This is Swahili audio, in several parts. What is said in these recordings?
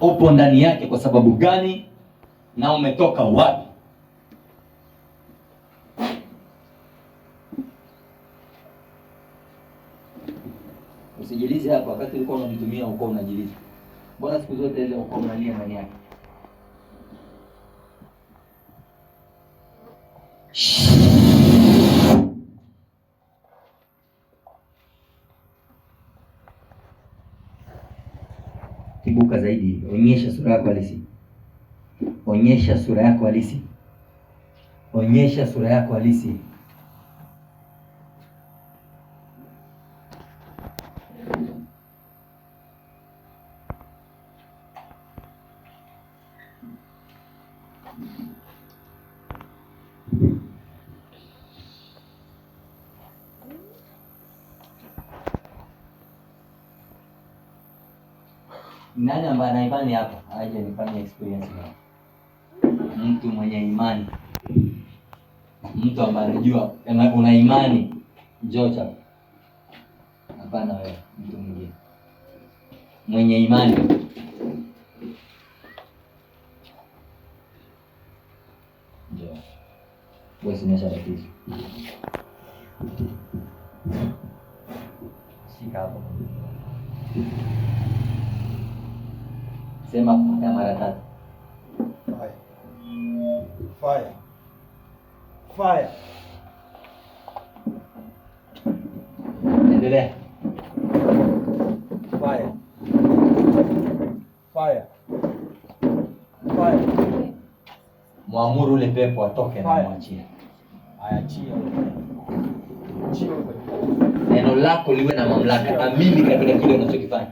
upo ndani yake kwa sababu gani na umetoka wapi. Usijilize hapa, wakati ulikuwa unamtumia uko unajilize. Bora siku zote ile uko unalia ndani yake. kibuka zaidi, onyesha sura yako halisi, onyesha sura yako halisi, onyesha sura yako halisi. nani ambaye ana imani hapa aje nifanye experience na mtu mwenye imani, mtu ambaye anajua una imani, njoo Hapana, wewe mtu mwingine mwenye imani. Njoo wewe, tatizo, shika hapo. Sema faya mara tatu. Faya. Faya. Faya. Endelea. Faya. Faya. Faya. Mwamuru ule pepo atoke na mwachie. Ayachie. Neno lako liwe na mamlaka kamili katika kile unachokifanya.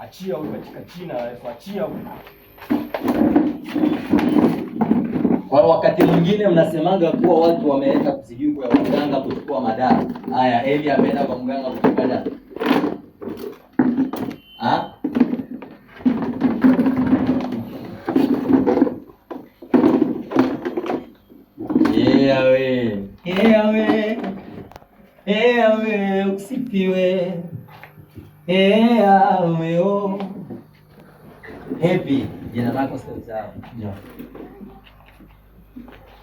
Achia huyu katika jina la Yesu, achia huyu. Kwa wakati mwingine mnasemanga kuwa watu wameenda kusijui kwa mganga kuchukua madawa. Haya, Eli ameenda kwa mganga kuchukua dawa. Ah? Yeah, ee we. Yeah, ee we. Yeah, ee we. Usipiwe. Eayo Happy, jina lako sasa.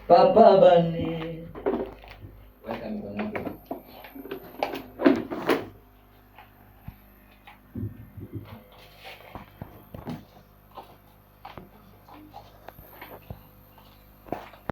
Papa bani